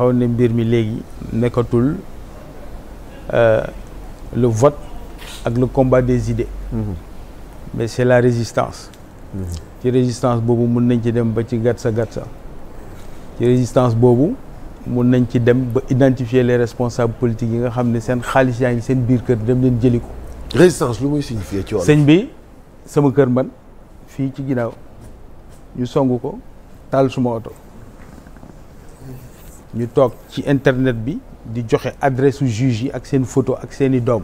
xaw ne mbir mi léegi nekkatul euh, le vote ak le combat des idées mhm. mais c'est la résistance mhm. ci résistance boobu mun nañ ci dem ba ci gatsa gatsa ci résistance boobu mun nañ ci dem ba identifier les responsables politiques yi nga xam ne seen xaalis yaa ngi seen biir kër dem leen jëli ko résistance lu muy signifier ci wàllu sëñ bi sama kër man fii ci ginnaaw ñu song ko taal suma oto ñu toog ci internet bi di joxe adresse u juge yi ak seen photo ak seen i doom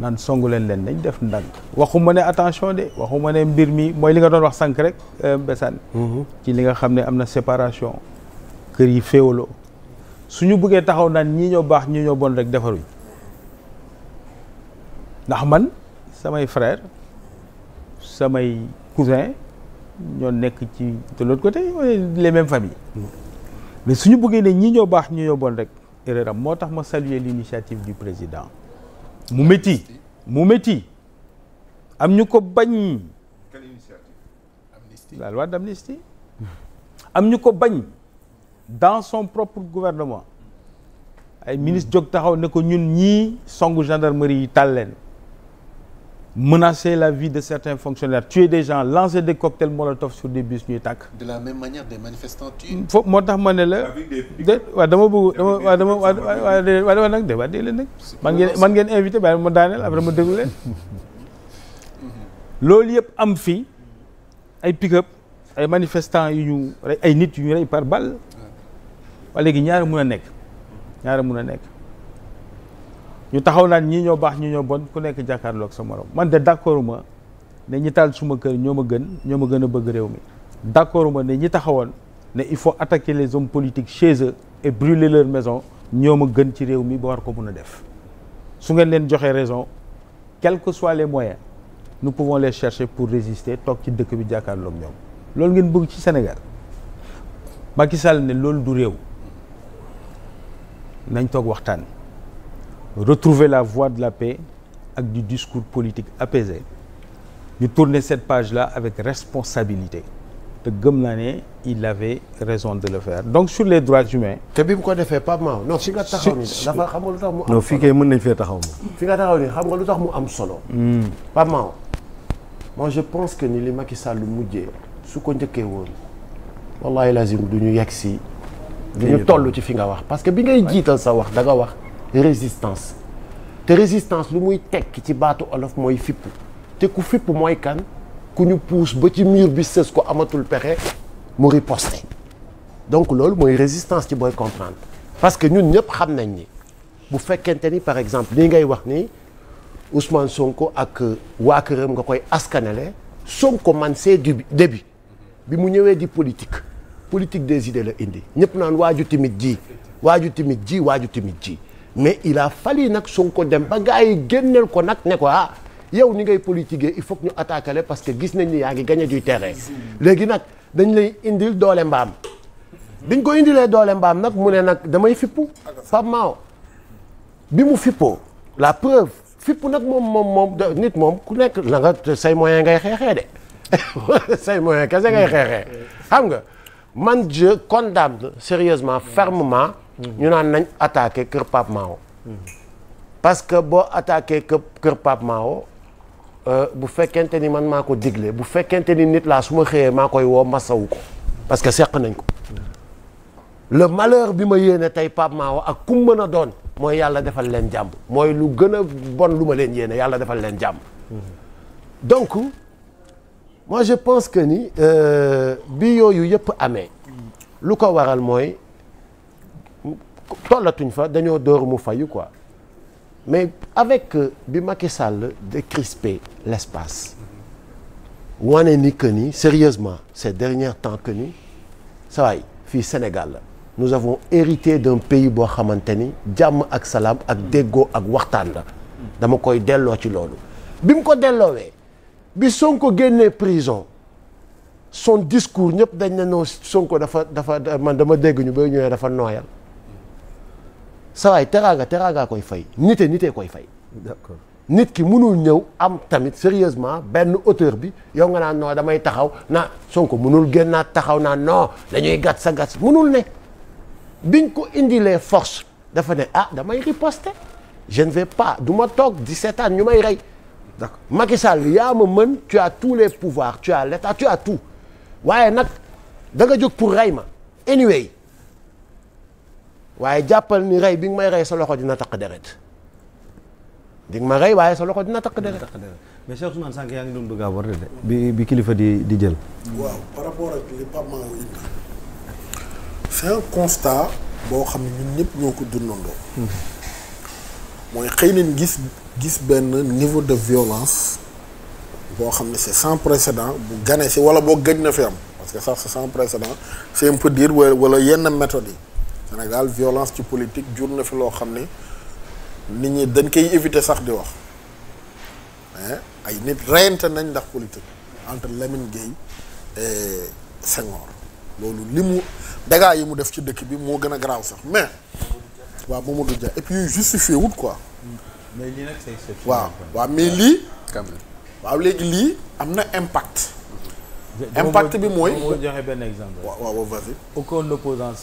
naan songu leen leen dañ def ndànk waxuma ne attention de waxuma ne mbir mi mooy li nga doon wax sànq rek euh, Mbessane mm-hmm. ci li nga xam ne am na séparation kër yi féewaloo suñu buggee taxaw naan ñi ñoo baax ñii ñoo bon rek defaruñ ndax man samay frère samay cousin ñoo nekk ci de l'autre côté les mêmes familles mm-hmm. mais suñu bëggee ne ñi ñoo baax ñi ñoo bon rek erreur am moo tax ma saluer l'initiative du président mu métti mu métti am ñu ko bañ la loi d'amnistie am ñu ko bañ dans son propre gouvernement ay ministre jóg taxaw ne ko ñun ñii songu gendarmerie yi tàl leen menacer la vie de certains fonctionnaires tuer des gens lancer des cocktails molotov sur des bus ñuy tàkk. de la même manière des manifestants tués. moo tax ma ne la. de waaw dama bëgg dama waaw dama waaw waaw nag de waaw dégg leen nag. man ngeen man ngeen invité bàyyi ma daaneel après ma déglu leen. Mm-hmm. loolu yëpp am fi ay pick-up ay manifestants yu ñu ay nit yu ñu rey par balle. waa léegi ñaari mun a nekk ñaari mun a nekk. ñu taxaw naan ñii ñoo baax ñi ñoo bon ku nekk jàkkaarloog sa morom man de d'accord ma ne ñi taal suma kër ñoo ma gën ñoo ma gën a bëgg réew mi d'accord ma ne ñi taxawoon ne il faut attaquer les hommes politiques chez eux et brûler leur maison ñoo ma gën ci réew mi ba war ko mun a def su ngeen leen joxee raison quels que soient les moyens nous pouvons les chercher pour résister toog ci dëkk bi jàkkaarloog ñoom loolu ngeen bëgg ci Sénégal Macky ne loolu du réew nañ toog waxtaan retrouver la voie de la paix ak du discours politique apaisé ñu tourner cette page la avec responsabilité te gëm naa ne il avait raison de le faire donc sur les droits humains. te bi bu ko defee Pape Mahawa non fi nga taxaw ni dafa xam nga lu tax mu. am fii kay mën nañ fee taxaw fi nga taxaw ni xam nga lu tax mu am solo. Hmm. Pape Mahawa. moi je pense que ni li Macky lu mujjee su ko njëkkee woon wallaahi lazim du ñu yegg si. du ñu toll ci fi nga wax parce que bi ngay jiital sa wax da nga wax. résistance te résistance lu muy tekk ci baatu olof mooy fipp te ku fipp mooy kan ku ñu pousse ba ci miir bi sës ko amatul pexe mu riposte donc loolu mooy résistance ci booy comprendre parce que ñun ñëpp xam nañ ni bu fekkente ni par exemple li ngay wax ni Ousmane Sonko ak euh, waa këram nga koy askanale Sonko man c'est du début bi mu ñëwee di politique politique des idées la indi ñëpp naan waaju timit ji waaju timit ji waaju timit ji mais il a fallu nag Sonko dem ba gars ay génneel ko nag ne ko ah yow ni ngay politiquer il faut ñu attaquer la parce que gis nañ ni yaa ngi gagné du terrain léegi nag dañ lay indil doole mbaam dañ ko indilee doole mbaam nag mu ne nag damay fippu Pape Mao bi mu fippoo la preuve fippu nag moom moom moom nit moom ku nekk la nga say moyen ngay xeexee de say moyen kese ngay xeexee xam nga man je condamne sérieusement fermement ñu naan nañ attaqué kër Pape Mao parce que boo attaqué kër kër Pape Mao euh, bu fekkente ni man maa ko digle bu fekkente ni nit laa su ma xëyee maa koy woo masawu ko parce que seq nañ ko le malheur bi ma yéene tey Pape Mao ak kum mën a doon mooy yàlla defal leen jàmb mooy lu gën a bon lu ma leen yéene yàlla defal leen jàmm donc moi je pense que ni euh, bi yooyu yëpp amee lu ko waral mooy tollatuñ fa dañoo door mu fayu quoi mais avec euh, bi Macky Sall décrisper l'espace wane ni que ni sérieusement ces derniers temps que ni sawaay fii Sénégal la nous avons hérité d'un pays boo xamante ni jàmm ak salaam ak déggoo ak waxtaan la dama koy delloo ci loolu bi mu ko delloowee bi Sonko génnee prison son discours ñëpp dañ ne non Sonko dafa dafa man dama dégg ñu ba ñëwee dafa nooyal sawaay teraanga teraanga koy fay nite nitee koy fay d'accord nit ki mënul ñëw am tamit sérieusement benn auteur bi yow nga naan noo damay taxaw na Sonko mënul génnaat taxaw naa non dañuy gàtt sa gàtt mënul ne biñ ko indilee force dafa ne ah damay riposter je ne vais pas du ma toog 17 ans ñu may rey d'accord Macky Sall yaa ma mën tu as tous les pouvoir tu as l'état tu waaye nag danga nga jóg pour rey ma anyway waaye jàppal ni rey bi nga may rey sa loxo dina takk deret di nga ma rey waaye sa loxo dina takk deret mais Cheikh Ousmane Sànq yaa ngi doon bëgg a abordé de bi bi kilifa di di jël waaw par rapport ak li Pape Mahawa indi boo xam ne ñëpp ñoo ko dundandoo xëy nañ gis gis benn niveau de violence boo xam ne c'est sans précédent bu gane si wala boo gëj na fi am parce que sa c'est sans précédent c'est un peu wala yenn méthodes yi Sénégal violence ci politique jur na fi loo xam ne nit ñi dañ koy éviter sax di wax ay nit reyante nañ ndax politique entre Lamine Gueye et Senghor loolu li mu dégâts yi mu def ci dëkk bi moo gën a garaaw sax mais waaw Mamadou Dia et puis yooyu justifié wut quoi. mais lii nag c'est waaw waaw mais lii. waaw léegi lii am na impact. impact bi mooy moo joxe benn exemple waaw waaw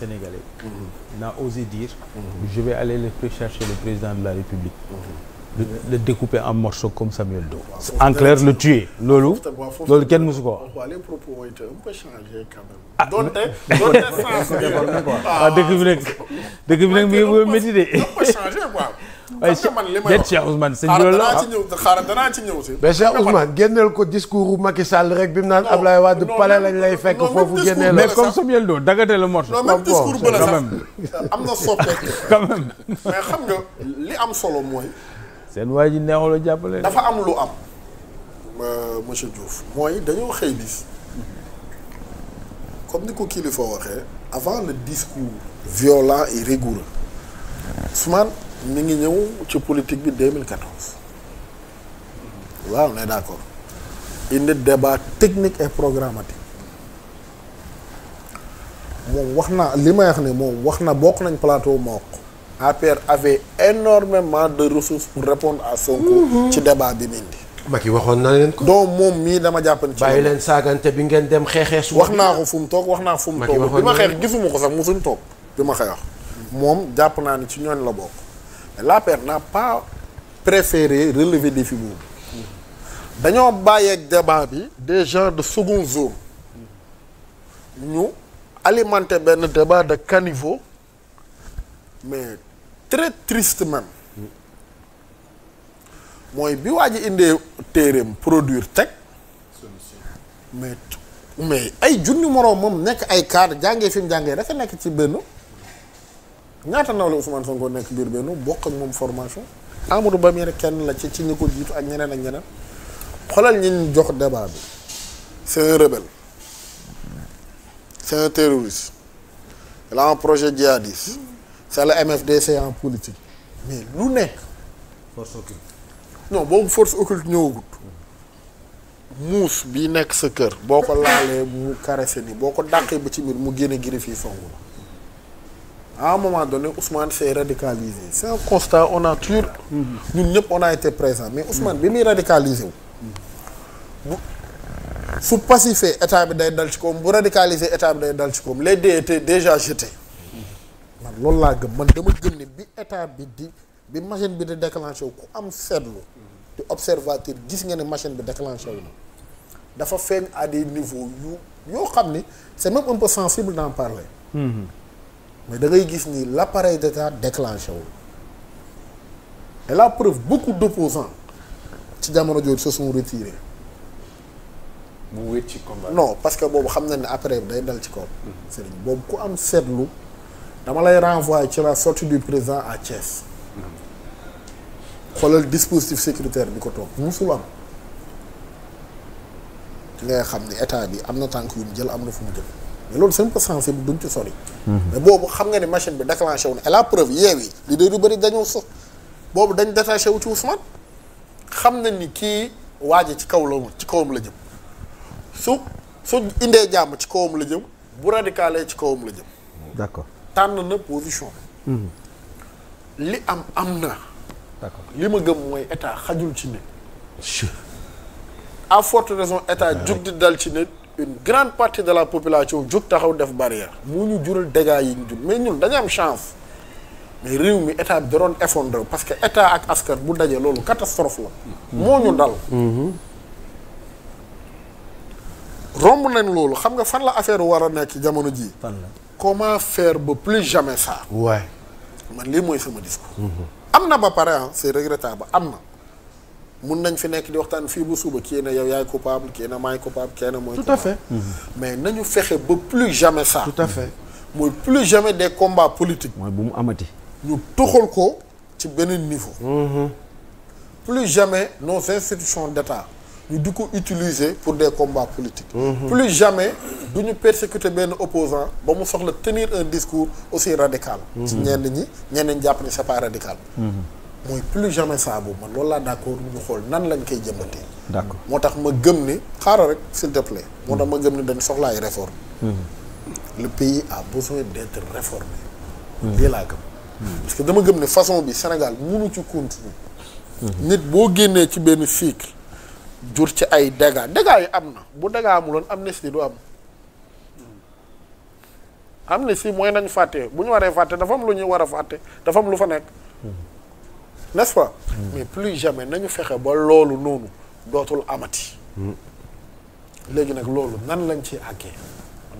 mm-hmm. n'a osé dire mm-hmm. je vais aller le rechercher le président de la république mm-hmm. le, le découper en morceaux comme Samuel Doe en clair le tuer loolu loolu kenn mësu ko wax les propos ont été un peu changés quand même ah, ay Cheikh Ousmane sëñ la ah. ci ñëw xaaral danaa ñëw si. mais ko discours u Macky Sall rek bi mu naan Ablaye Wade pale lañ lay fekk foofu génneel mais comme Samuel Doe dagate la mot. non même discours bële am na am solo mooy. seen waa ji neexul jàppale. dafa am lu am. monsieur Diouf mooy dañoo xëy bis comme ni ko kilifa waxee avant le discours violent et rigoureux mi ngi ñëw ci politique bi 2014 waaw on est d'accord indi débat technique et programmatique moom wax naa li may wax ne moom wax na bokk nañ plateau moo ko APR avait énormément de ressources pour répondre à Sonko mhm. ci débat bi mu indi. Macky waxoon na leen ko. donc moom mii dama jàppan ci bàyyi leen saagante bi ngeen dem xeexee su wax naa ko fu mu toog wax naa ko fu mu toog bi ma xeex gisuma ko sax musuñ toog bi ma xeex wax moom jàpp naa ni ci ñooñ la bokk l'APR n'a pas préféré relever défi boobu dañoo bàyyeeg débat bi des gens de seconde zone ñu alimenter benn débat de caniveau mais très triste même mooy bi waa ji indee téeréem produire teg mais mais ay junni moroom moom nekk ay cadre jàngee fi jàngee dafa nekk ci benn ñaata ndaw la Ousmane Sonko nekk biir benn bokk ak moom formation Amadou Ba mii rek kenn la ci ci ñi ko jiitu ak ñeneen ak ñeneen xoolal ñi ñu jox débat bi c'est un rebelle c'est un terroriste il a un projet djihadiste c'est le MFDC en politique mais lu nekk. force occulte. boobu force occulte ñëwagut muus bi nekk sa kër boo ko laalee mu caressé ni boo ko dàqee ba ci biir mu génne griff yi songu la à un moment donné Ousmane s'est radicalisé c'est constat on a toujours ñun ñëpp on a été présent mais Ousmane bi muy radicalisé wu bu su pacifié état bi day dal ci koom bu radicalisé état bi day dal ci koom les dés étaient déjà jetés man laa gëm man dama gëm ne bi état bi di bi machine bi di déclenché wu ku am seetlu di observateur gis nga ne machine bi déclenché wu na dafa feeñ à des yu yoo xam ni c'est ma un peu sensible d'en parler mm-hmm. mais da ngay gis ni l'appareil d'État déclenché wul et la preuve beaucoup d'opposants ci jamono jooju se suma retirés. mu wéet ci combat non parce que boobu xam na ne après day dal ci kaw. Serigne boobu ku am seetlu dama lay renvoyer ci la sortie du président à Thiès. xoolal dispositif sécuritaire bi ko toog musul am. ki ngay xam ni état bi am na tànk yu mu jël am na fu mu jël. mais loolu c'est un peu sensible duñ ci sori. mais boobu xam nga ne machine bi déclenché wu na et la preuve yeewi li day du bëri dañoo so boobu dañ détaché wu ci Ousmane xam nañ ni kii waaje ci kaw la ci kawam la jëm su su indee jàmm ci kawam la jëm bu radicale ci kawam la jëm. d'accord tànn na position. Mhm. li am am na. d'accord li ma gëm mooy état xajul ci nit. à forte raison état jug di dal ci nit. une grande partie de la population jug taxaw def barrière mu ñu jural dégâts yi ñu jur mais ñun dañu am chance mais réew mi état bi da doon effondré parce que état ak askan bu daje loolu catastrophe la moo ñu dal romb nañ loolu xam nga fan la affaire war a nekk jamono ji comment faire ba plus jamais ça. waay man lii mooy sama discours. am na ba pare ah c'est regrettable am na mun nañ fi nekk di waxtaan fii bu suba kii na yow yaay coupable kii na maay coupable kii na mooy. tout à fait mhm. mais na ñu fexe ba plus jamais ça. tout à fait mooy plus jamais des combats politiques. mooy bu mu amati. ñu toxol ko ci beneen niveau. Mhm. plus jamais nos institutions d'État ñu di ko utiliser pour des combats politiques. Mhm. plus jamais du ñu persécuter benn opposant ba mu soxla tenir un discours aussi radical. ci ñenn ñi ñeneen jàpp ne c'est pas radical. mooy plus jamais ça boobu man loolu laa d'accord ñu xool nan lañ koy jëmbatee. d'accord moo tax ma gëm ne xaaral rek s'il te moo tax ma gëm ne dañ soxla ay réforme hmm. le pays a besoin d'être réformé. Hmm. laa gëm. Hmm. parce dama gëm ne façon bi Sénégal mënu ci continuer. nit boo génnee ci benn cycle. jur ci ay dégâts dégâts yi am na bu dégâts amuloon amnistie du am. amnistie mooy nañ fàtte bu ñu waree fàtte dafa am lu ñuy war a fàtte dafa am lu fa nekk. n'est-ce pas mais plus jamais nañu fexe ba loolu noonu dootul amati léegi nag loolu nan lañ ci àggee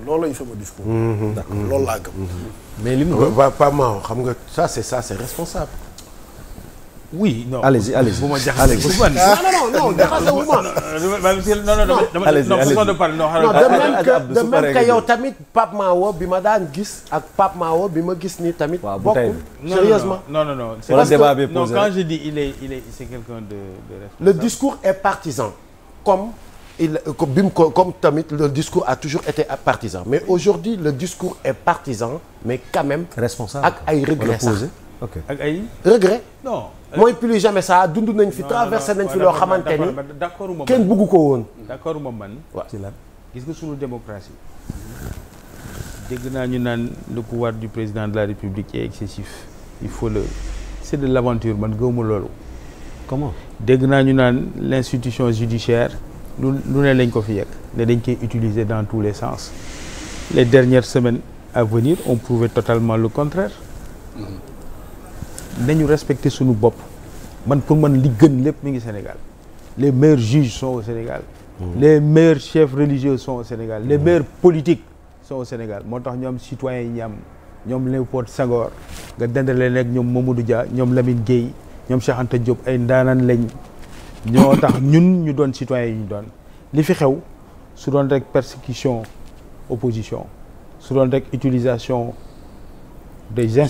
loolu lañ sama discours mhm. d'accord loolu laa gëm mhm. mais li mu ba Pape Mahawa xam nga ça c'est ça c'est responsable oui non allez-y allez-y bu ma jaxasee Ousmane. non non non jaxasewul ma. non non dama de même que yow tamit Pape Mawo bi ma daan gis ak Pape Mawo bi ma gis nii tamit. waaw bokkul sérieusement non non non c'est parce que non quand je dis il est il est c'est quelqu'un de de responsable. le discours est partisan comme il comme bi mu ko comme tamit le discours a toujours été partisan mais aujourd'hui le discours est partisan mais quand même. responsable ak ay regret sax ak ay. regret non. mooy plus jamais ça dund nañ fi traversé nañ fi loo xamante ni kenn bëggu ko woon. d'accord moom man. waaw ci lan gis nga sunu démocratie. dégg naa ñu naan le pouvoir du président de la république est excessif il faut le c'est de l'aventure man gëwuma loolu. comment dégg naa ñu naan l'institution judiciaire lu lu ne lañ ko fi yegg ne dañ koy utiliser dans tous les sens les dernières semaines à venir on prouvé totalement le contraire. Mm-hmm. nañu respecter suñu bopp man pour man li gën lépp mu ngi Sénégal les meilleurs juges sont au Sénégal. Mmh. les meilleurs chefs religieux sont au Sénégal. les mmh. meilleurs politiques sont au Sénégal moo tax ñoom citoyens yi ñu am ñoom Léopold Senghor nga dendalee nekk ñoom Mamadou jaa ñoom Lamine Guèye ñoom saxanta Anta ay ndaanaan lañ ñoo tax ñun ñu doon citoyens yi ñu doon li fi xew su doon rek persécution opposition su doon rek utilisation des